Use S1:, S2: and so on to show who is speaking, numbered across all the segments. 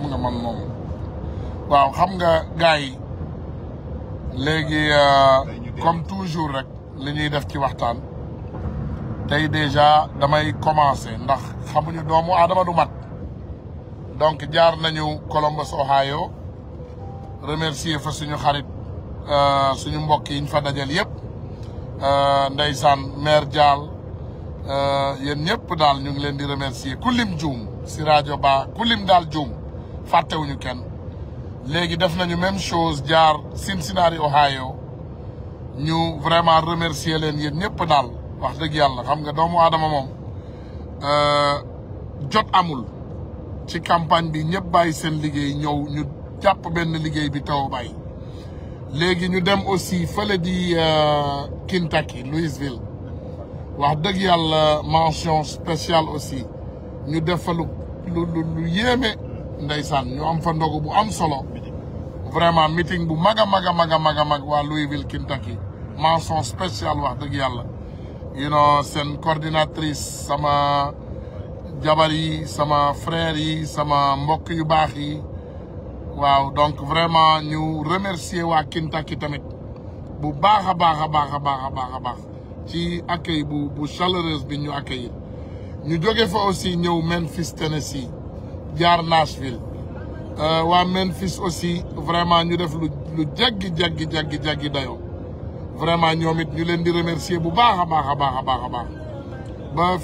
S1: xam waaw xam nga gars yi léegi euh, comme toujours rek li ñuy def ci waxtaan tey déjà damay commencé ndax xamuñu doomu Adama du mat donc jaar nañu Columbus Ohio remercier fa suñu xarit euh, suñu mbokk yiñ fa dajal yëpp euh, ndeysaan maire Dial yéen ñëpp daal ñu ngi leen di remercier ku lim juum si rajo ba ku daal juum wuñu kenn légui def nañu même chose jaar Cincinnati Ohio ñu vraiment remercier len yeen ñep dal wax deug yalla xam nga doomu euh, jot amul ci campagne bi ñep bay sen liggéey De ñu ben dem aussi di euh, Kentucky Louisville wax deug yalla mention spéciale aussi ñu defalu nós ñu am fa ndogu bu am solo vraiment meeting bu mag a mag a mag a mag a mag waa Louisville Kentucky mention spéciale wax dëgg yàlla you know seen coordinatrice sama jabar yi sama frère yi sama mbokk yu baax yi waaw donc vraiment ñu remercier waa Kentucky tamit bu baax a baax a baax a baax a baax a baax ci accueil bu bu chaleureuse bi ñu accueillir ñu fa aussi ñëw Memphis Tennessee jaar Nashville à euh, Memphis aussi vraiment nous le vraiment nous remercier bu bah bah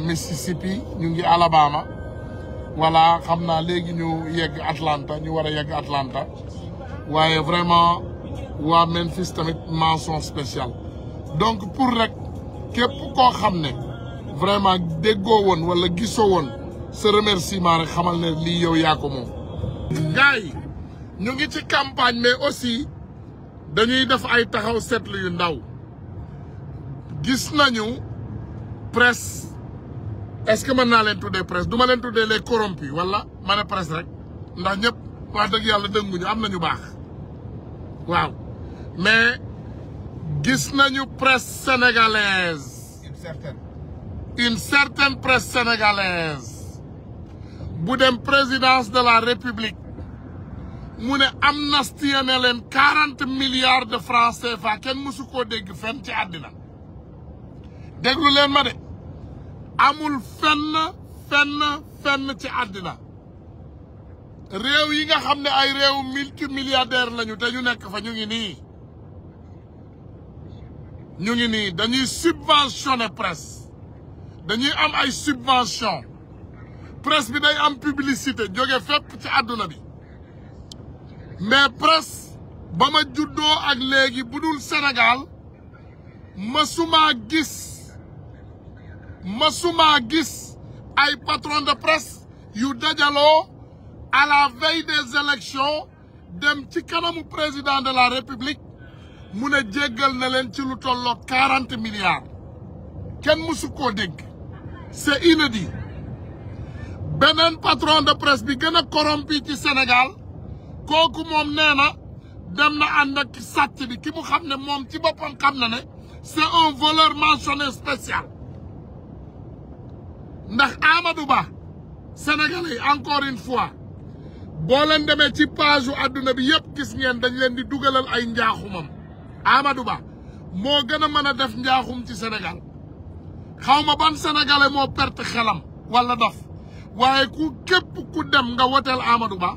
S1: Mississippi Alabama voilà nous Atlanta ñu Atlanta vraiment Memphis tamit mention spéciale donc pour que... pourquoi vraiment déggoo woon wala gisoo woon sa remerciement rek xamal na lii yow yaa ko moom. gars yi ñu ngi ci campagne mais aussi dañuy def ay taxaw seetlu yu ndaw gis nañu press est-ce que mën naa leen tuddee presse du ma leen tuddee les corrompus wala ma ne presse rek ndax ñëpp wax dëgg yàlla dënguñu am nañu baax waaw mais gis nañu presse sénégalaise. une certaine presse sénégalaise bu dem présidence de la république mu ne amnistie ne leen quarante milliards de francs CFA kenn mësu koo dégg fenn ci àddina déglu leen ma de amul fenn fenn fenn ci àddina réew yi nga xam ne ay réew multimilliardaire lañu te ñu nekk fa ñu ngi nii ñu ngi nii dañuy subventionné presse dañuy am ay subvention presse bi day am publicité jóge fépp ci aduna bi mais presse bama ma juddoo ak léegi bu dul Sénégal masuma gis Masuma gis ay patron de presse yu dajaloo à la veille des élections dem ci kanamu président de la république mu ne jéggal na leen ci lu tolloo 40 milliards kenn musuko koo c'est inédit benen patron de presse bi gëna corrompu ci Sénégal koku mom néna na dem na and ak sat bi ki mu xamné mom ci bopam xam na c'est un voleur mentionné spécial ndax Amadou Ba sénégalais encore une fois bo leen démé ci page aduna bi yépp gis ngeen dañ leen di dugalal ay ndiaxumam Amadou Ba mo gëna mëna def ndiaxum ci Sénégal xaw ma ban sénégalais moo perte xelam wala dof waaye ku képp ku dem nga woteel Amadou Ba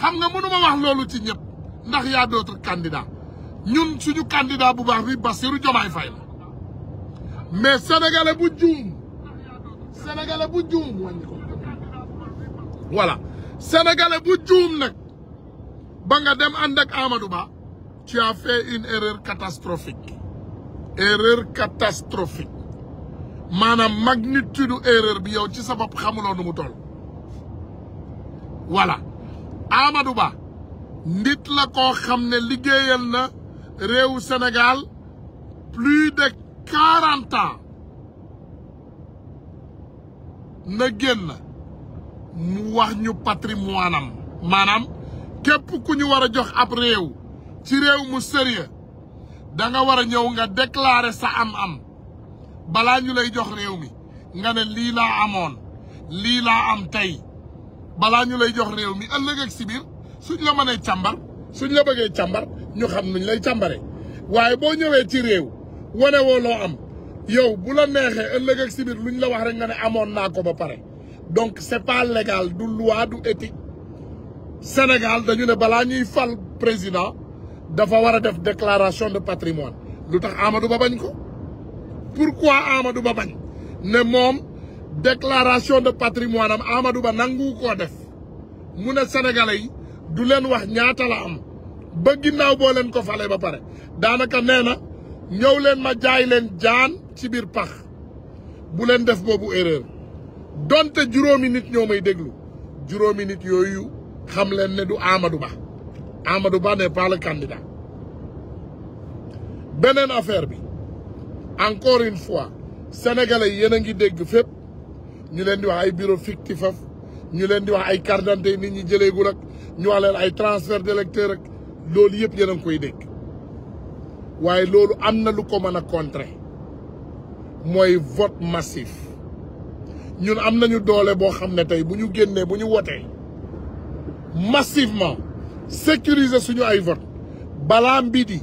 S1: xam nga mënu ma wax loolu ci ñëpp ndax y a d'autres ñun suñu candidat bu baax bi Bassirou Diomaye Faye la mais sénégalais bu juum sénégalais bu juum wàññi ko voilà sénégalais bu juum nag ba nga dem ànd ak Amadou Ba tu as fait une erreur catastrophique erreur catastrophique manam magnitude erreur bi yow ci sabab xamulo nu mu toll voilà Amadou Ba nit la ko xamne ne na rew senegal plus de 40 ans na genn mu wax ñu patrimoine am manam kep ku ñu wara a jox ab rew ci rew mu da nga wara ñew nga déclarer sa am-am balaa ñu lay jox réew mi nga ne lii laa amoon lii laa am tey balaa ñu lay jox réew mi ëllëg ak si biir suñ la manee càmbar suñ la bëggee càmbar ñu xam nuñ lay càmbare waaye boo ñëwee ci réew wane woo loo am yow bu la neexee ëllëg ak si biir luñ la wax rek nga ne amoon naa ko ba pare donc c'est pas légal du loi du éthique Sénégal dañu ne balaa ñuy fal président dafa war a def déclaration de patrimoine lu tax Amadou Ba bañ ko pourquoi Amadou Ba bañ ne moom déclaration de patrimoine am Amadou Ba nangu koo def mu ne sénégalais yi du leen wax ñaata la am ba ginnaaw boo leen ko falee ba pare daanaka nee na ñëw leen ma jaay leen jaan ci biir pax bu leen def boobu erreur donte juróomi nit ñoo may déglu juróomi nit yooyu xam leen ne du Amadou Ba Amadou Ba n'est pas le candidat beneen affaire bi encore une fois sénégalais yéen a ngi dégg fépp ñu leen di wax ay bureau fictif af ñu leen di wax ay carte d'identité nit ñi jëleegul ak ñu wax leen ay transfert d'électeur ak loolu yëpp yéen a ngi koy dégg waaye loolu am na lu ko mën a contrer mooy vote massif ñun am nañu doole boo xam ne tey bu ñu génnee bu ñu wotee massivement sécuriser suñu ay vote balaa mbii di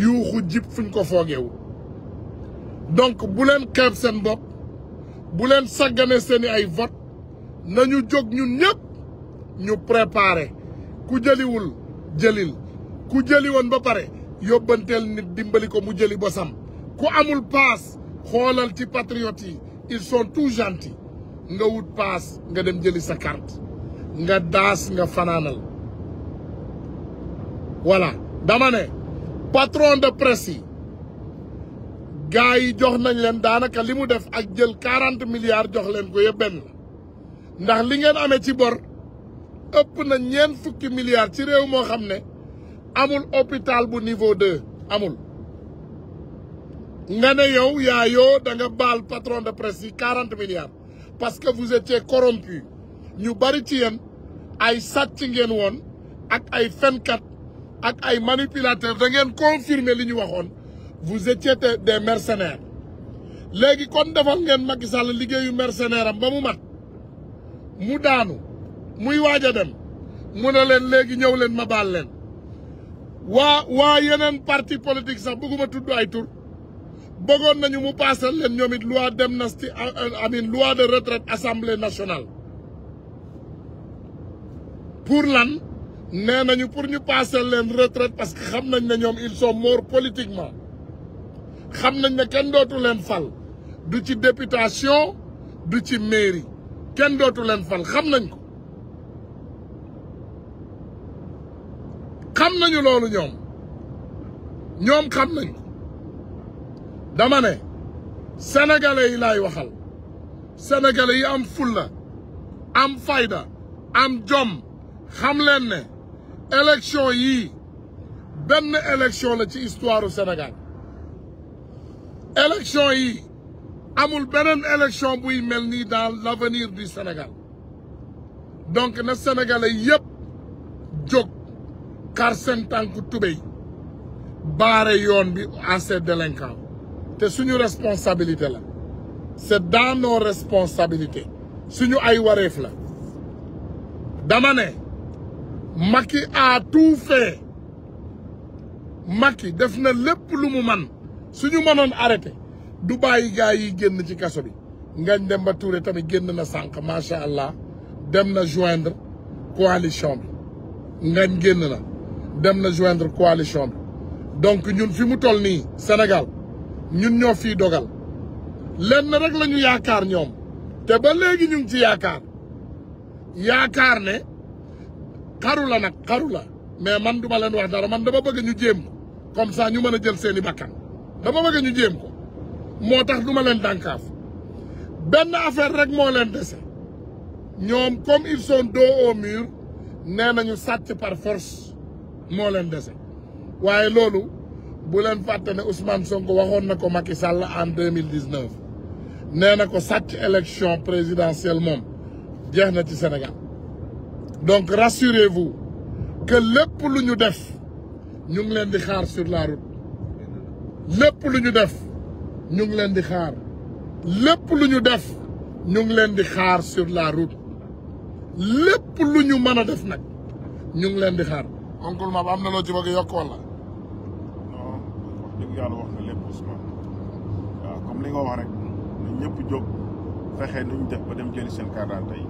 S1: yuuxu jib fuñ ko foogeewul donc bu leen xeeb seen bopp bu leen saggane seeni ay vote nañu jóg ñun ñëpp ñu préparer ku jëliwul jëlil ku jëli woon ba pare yóbbanteel nit dimbali ko mu jëli bosam ku amul paas xoolal ci patriotes yi ils sont tout gentils nga wut paas nga dem jëli sa carte nga daas nga fanaanal voilà damane patron de presse gaay Johanna jox nañ leen daanaka limu def ak jël 40 milliards jox leen ko yëpp benn ndax li ngeen amé ci bor ëpp na ñeen fukki milliards ci réew mo xamné amul hôpital bu niveau 2 amul nga né yow ya yo da nga bal patron de presse 40 milliards parce que vous étiez corrompu ñu bari ci yeen ay sàcc ngeen won ak ay fenkat ak ay manipulateur da ngeen confirmer li ñu waxone vous étiez des mercenaires léegi kon defal ngeen Macky Sall yu mercenaire am ba mu mat mu daanu muy waja dem mu ne leen léegi ñëw leen ma bal len wa wa yenen parti politique sax bëgguma tuddu ay tour bëggon nañu mu passal len ñomit loi d'amnesty euh, amin loi de retraite assemblée nationale pour lan nee nañu pour ñu paasal leen retraite parce que xam nañ ne ils sont morts politiquement xam nañ ne kenn dootu leen fal du ci députation du ci mairie kenn dootu leen fal xam nañ ko xam nañu loolu ñoom ñoom xam nañ ko dama ne sénégalais yi lay waxal sénégalais yi am fulla am fayda am jom xam leen ne élection yi benn élection la ci histoire senegal élection yi amul benen élection buy melni dans l'avenir du Sénégal donc na sénégalais yépp jóg car sen tànku tubéy baare yoon bi à ces délinquants c'est suñu responsabilité la C'est dans nos responsabilités suñu ay waréf la dama ne Macky a tout fait Macky def na lepp lu man suñu mënoon arrêté du bàyyi gars yi génn ci kaso bi Ngagne Demba Touré tamit génn na sànq macha allah dem na joindre coalition bi Ngagne génn na dem na joindre coalition bi donc ñun fi mu toll nii Sénégal ñun ñoo fii dogal lenn rek la ñu yaakaar ñoom te ba léegi ñu ngi ci yaakaar yaakaar ne xaru la nag xaru la mais man duma leen wax dara man da bëgg ñu jéem comme ça ñu mën a jël seeni bakkan dama bëgg ñu jëm ko motax duma leen affaire rek mo comme ils sont dos au mur nee nañu par force mo leen dese Nous lolu bu leen faté ne Ousmane Sonko na Macky Sall en 2019. élection présidentielle mom Sénégal donc rassurez-vous que le lu ñu def ñu ngi di sur la route. lépp lu ñu def ñu ngi leen di xaar lépp lu ñu def ñu ngi leen di xaar sur la route lépp lu ñu mën a def nag ñu ngi leen di xaar. oncle Mab am na loo ci bëgg a yokk wala. non wax dëgg yàlla comme li nga wax ñëpp jóg fexe nu ñu dem jëli seen carte d'identité yi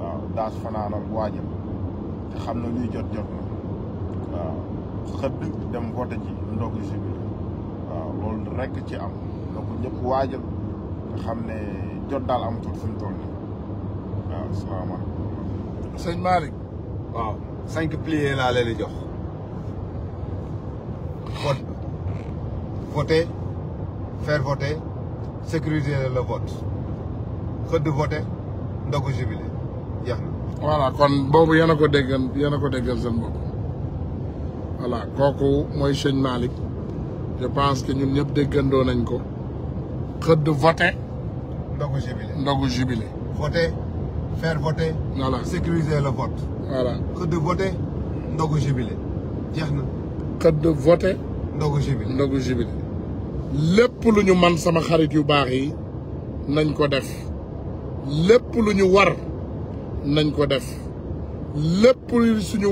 S1: waaw daas fanaanal waajal te xam na luy jot jot na waaw xëdd dem vote ji ndogu si bi loolu rek ci am donc ñëpp waajal xam ne jot daal amatul fi mu toll nii waaw asalaamaaleykum. waaw cinq pliés laa leen di jox. vote voter faire voter sécuriser le vote xëdd voter ndogu jubilé jeex na. kon boobu yéen a ko déggal yéen ko déggal seen bopp voilà kooku mooy sëñ Malick. je pense que nous, ñun nous de nañ ko de voter. ndogu jubilé jubilé. voter faire voter. sécuriser le vote. voilà de voter ndogu jubilé jeex de de voter. ndogu jubilé ndogu jubilé. nous lu ñu man sama xarit yu baax yi nañ ko def lu ñu war nañ ko def Lepp lu suñu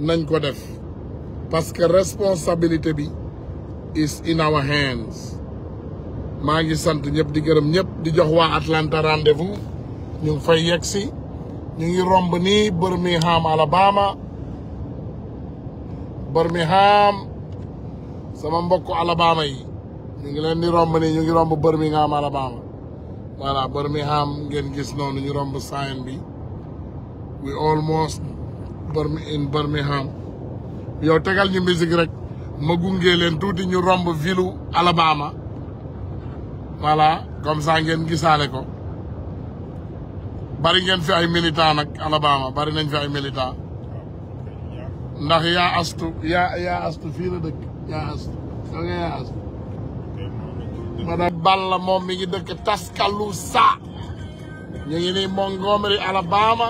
S1: nañ ko def parce que responsabilité bi. is in our hands magi ngi sant di gërëm ñep di jox wa Atlanta rendez-vous ñu fay yexi ñu ngi romb ni Birmingham Alabama Birmingham sama mbokk Alabama yi ñu ngi leen di romb ni ñu ngi romb Birmingham Alabama voilà Birmingham ngeen gis nonu ñu romb sign bi we almost in Birmingham yow tegal ñu musique rek ma gungé len touti ñu romb vilu Alabama wala comme ça ngeen gisaale ko bari ngeen fi ay militant nak Alabama bari nañ fi ay militant ndax ya astu ya ya astu fi la dekk ya astu so nga ya astu madame Balla mom mi ngi dëkk Tuscaloosa ñi ngi ni Montgomery Alabama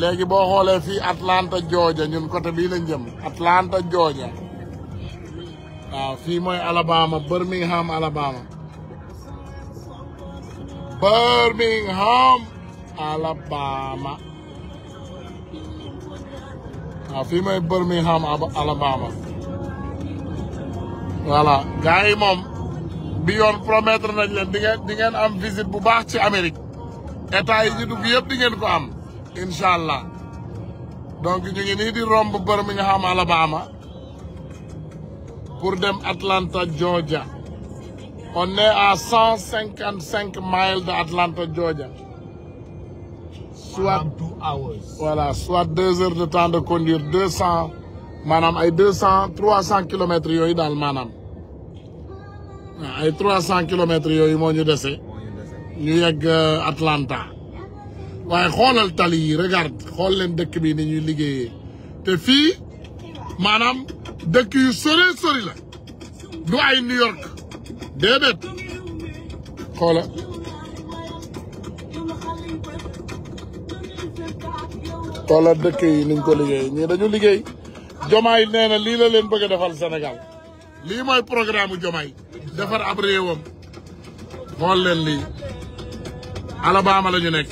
S1: léegi bo xolé fi Atlanta Georgia ñun côté bi lañ jëm Atlanta Georgia waaw ah, Alabama Birmingham Alabama Birmingham Alabama waaw ah, fii Birmingham Alabama voilà gars yi moom bi yoon promettre nañ leen di ngeen di ngeen am visite bu baax ci Amérique état yi ñu dugg yëpp di ngeen ko am incha allah donc ñu ngi nii di romb Birmingham Alabama pour dem Atlanta Georgia on est à 155 miles d'Atlanta, Georgia soit voilà soit deux heures de temps de conduire 200, manam, 200 300 km 300 kilomètres le manam. Ah, ay 300 euh, Atlanta tali regarde regarde, regarde, maanaam dëkk yu sori sori la du ay New York déedéet xoola xoola dëkk yi niñ ko liggéey ñii dañu liggéey Jomaay nee na lii la leen bëgg a defal Sénégal lii mooy programme Jomaay defar ab xool leen lii Alabama la nekk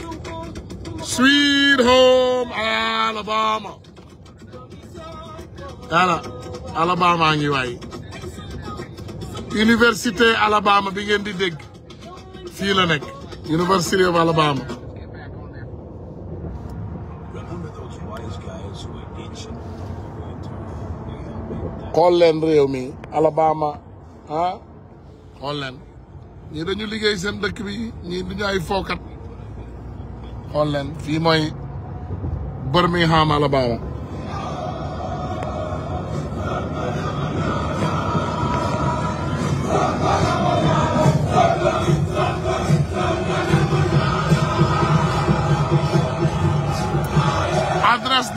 S1: Sweet Home Alabama Ala Alabama ngi way université Alabama bi ngeen di dégg fi la nek University of Alabama Kolen rew mi Alabama ah Kolen leen dañu liggéey seen dëkk bi ñii duñu ay fokat Kolen fi moy Birmingham Alabama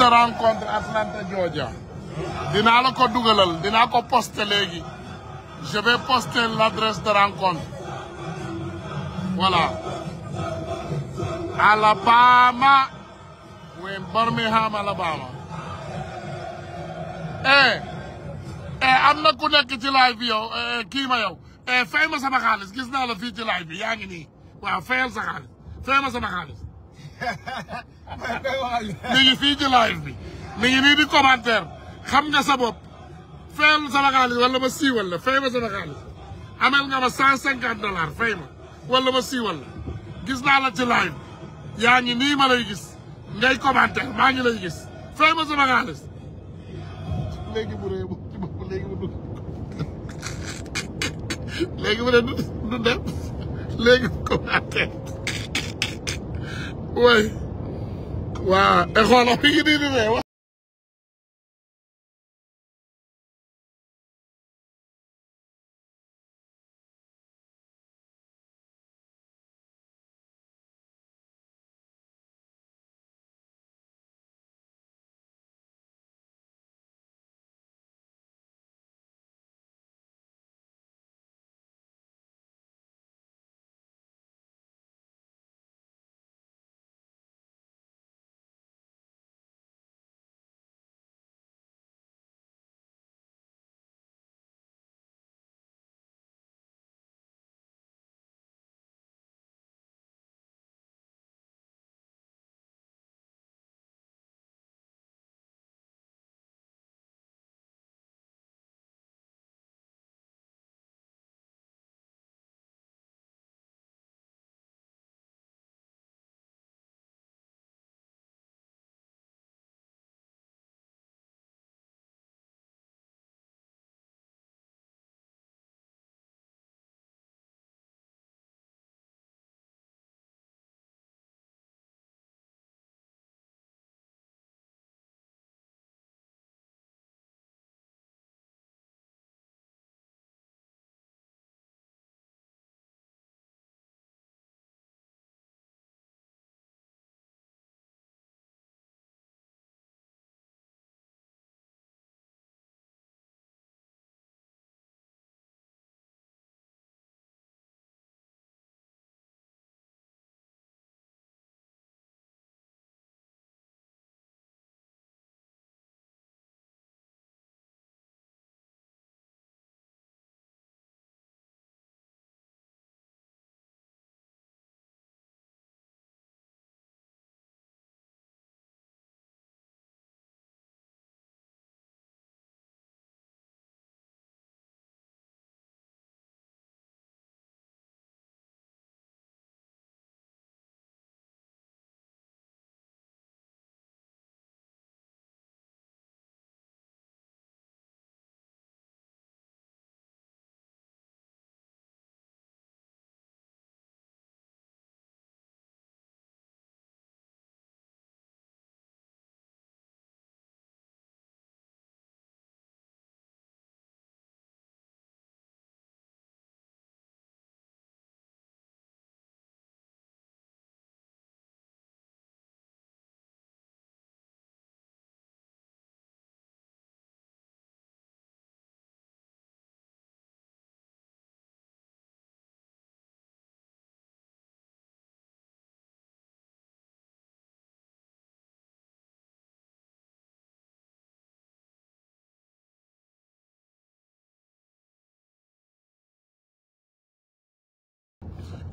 S1: rencontre Atlanta Georgia dinaa la ko dugalal dinaa ko poster léegi je vais poster l'adresse de rencontre voilà Alabama oui Birmingham Alabama eh eh am na ku nekk ci live bi yow eh, eh, kii ma yow eh sama xaalis gis naa la fii ci live yaa ngi nii waaw sama xaalis mi ngi fii ci bi mi nii di commentaire xam nga sa bopp fayal sama xaalis wala ma siiwal la fay ma xaalis amel nga ma cent cinquante dollars fay ma wala ma siiwal la gis naa la ci yaa ngi nii ma lay gis ngay commentaire maa ngi lay gis fay ma sama xaalis léegi bu rëy bu dund bu du dem léegi commentaire way a, a rola pequenina dela.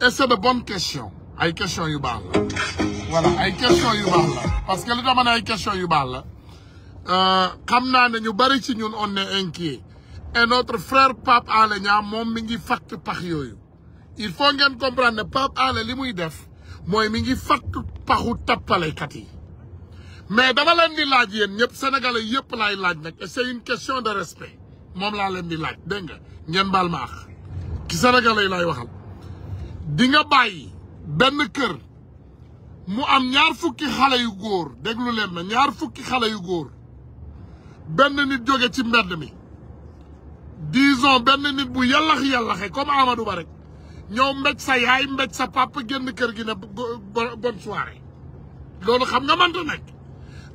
S1: et c'est de bonnes questions ay question yu baax la voilà ay question yu baax parce que li tax ma ne ay questions yu baax la euh, xam naa ne ñu bari ci ñun on est inquiet et notre frère Pape Alé Niang moom mi ngi fatt pax yooyu il faut ngeen comprendre ne Pape Alé li muy def mooy mi ngi fatt paxu tappalekat yi mais dama leen di laaj yéen ñëpp sénégalais yëpp laay laaj nag et c'est une question de respect moom laa leen di laaj dégg nga ngeen baal ma ak ci sénégalais yi laay waxal di nga bàyyi benn kër mu am ñaar fukki xale yu góor déglu leen na ñaar fukki xale yu góor benn nit jóge ci mbedd mi disons benn nit bu yàllax yàllaxe comme Amadou Ba rek ñëw mbéj sa yaay mbéj sa papa génn kër gi ne bonne soirée loolu xam nga mënta nekk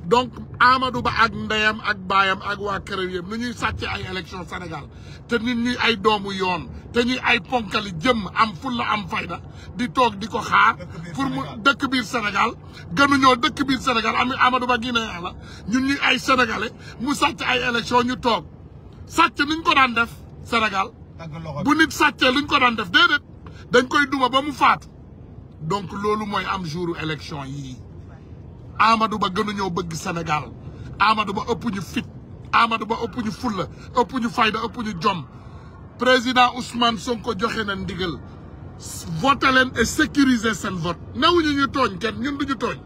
S1: donc Amadou Ba ak ndeyam ak baayam ak waa këram yëpp nu ñuy sàcce ay élection Sénégal te nit ñi ay doomu yoon te ñuy ay ponkali jëm am fulla am fayda di toog di ko xaar pour mu dëkk biir Sénégal gënuñoo dëkk biir Sénégal am Amadou Ba Guinéen la ñun ñuy ay sénégalais mu sàcc ay élection ñu toog sàcc nuñ ko daan def Sénégal bu nit sàccee ñu ko daan def déedéet dañ koy duma ba mu faatu donc loolu mooy am jouru élection yii Amadou Ba gënuñoo bëgg Sénégal Amadou Ba ëpp ñu fit Amadou Ba ëpp ñu fulla ëpp ñu fayda ëpp ñu jom président Ousmane Sonko joxe na ndigal voté leen et sécuriser seen vote newuñu ñu tooñ kenn ñun ñu tooñ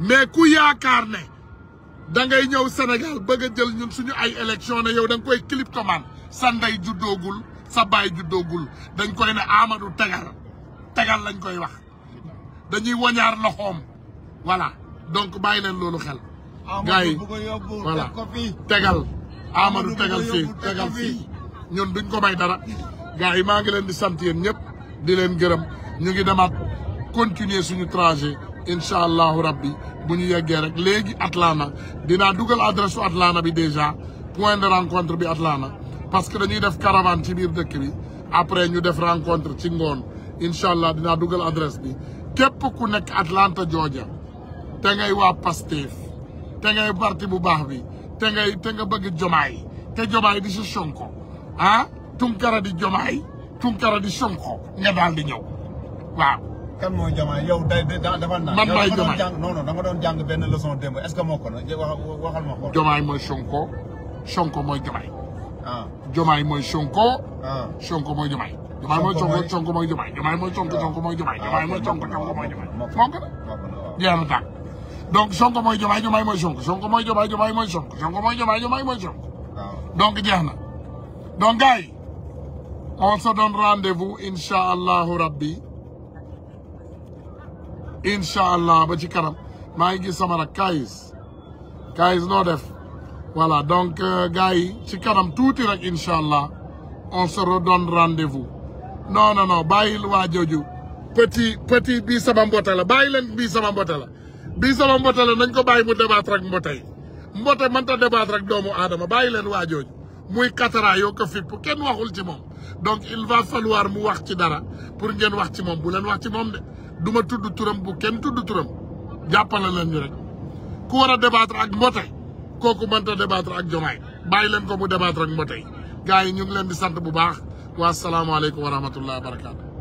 S1: mais ku yaakaar ne da ngay ñëw senegal bëgg a jël ñun suñu ay élection ne yow da koy clip commande sa ndey juddoogul sa baay juddoogul dañ koy ne Amadou tegal tegal lañ koy wax dañuy wañaar loxoom voilà donc bàyyi leen loolu xel. gars yi tegal. Amadou tegal fii ñoom fii duñ ko bay dara. gars yi maa ngi leen di sant yéen ñëpp di leen gërëm ñu ngi demaat continuer suñu trajet incha allahu rabbi bu ñu yeggee rek léegi Atlanta dinaa dugal adresse su Atlanta bi déjà point de rencontre bi Atlanta parce que dañuy def caravane ci biir dëkk bi après ñu def rencontre ci ngoon incha allah dinaa dugal adresse bi képp ku nekk Atlanta jooja te ngay waa Pastef te ngay parti bu baax bi te ngay te nga bëgg jomaay te jomaay di si Sonko ah Tunkara di jomaay Tunkara di Sonko nga daal di ñëw waaw. kan mooy jomaay yow day day dafa naan. man maay jomaay yow non non da nga doon jàng benn leçon démb est-ce que moo ko waxal ma ko. jomaay mooy Sonko Sonko mooy jomaay. ah jomaay mooy Sonko. ah Sonko mooy jomaay. jomaay mooy Sonko Sonko mooy jomaay jomaay mooy Sonko Sonko mooy jomaay jomaay mooy Sonko Sonko mooy jomaay moo ko la. jeex na tàkk. donc Sonko mooy Diomaye Diomaye mooy Sonko Sonko mooy Diomaye Diomaye mooy Sonko Sonko mooy Diomaye Diomaye jeex na donc gars yi on se donne rendez-vous incha allahu rabbi incha allah ba ci kanam maa ngi gi sama nag Kayis Kayis no def voilà donc euh, gars yi ci kanam tuuti rek incha allah on se redonne rendez-vous non non non bàyyil waa jooju petit petit bii sama mbote la bàyyi leen bii sama mbote la. bii sama mbote la nañ ko bàyyi mu débattre ak mbote yi mbote mënta débattre ak doomu aadama bàyyi leen waa jooju muy katara yoo ko kenn waxul ci moom donc il va falloir mu wax ci dara pour ngeen wax ci moom bu leen wax ci moom de du ma tudd turam bu kenn tudd turam jàppale leen ñu rek ku war a débattre ak mbote kooku mënta débattre ak jomaay bàyyi leen ko mu débattre ak mbote yi gars yi ñu ngi leen di sant bu baax waa salaamaaleykum wa rahmatullah wa barakaatu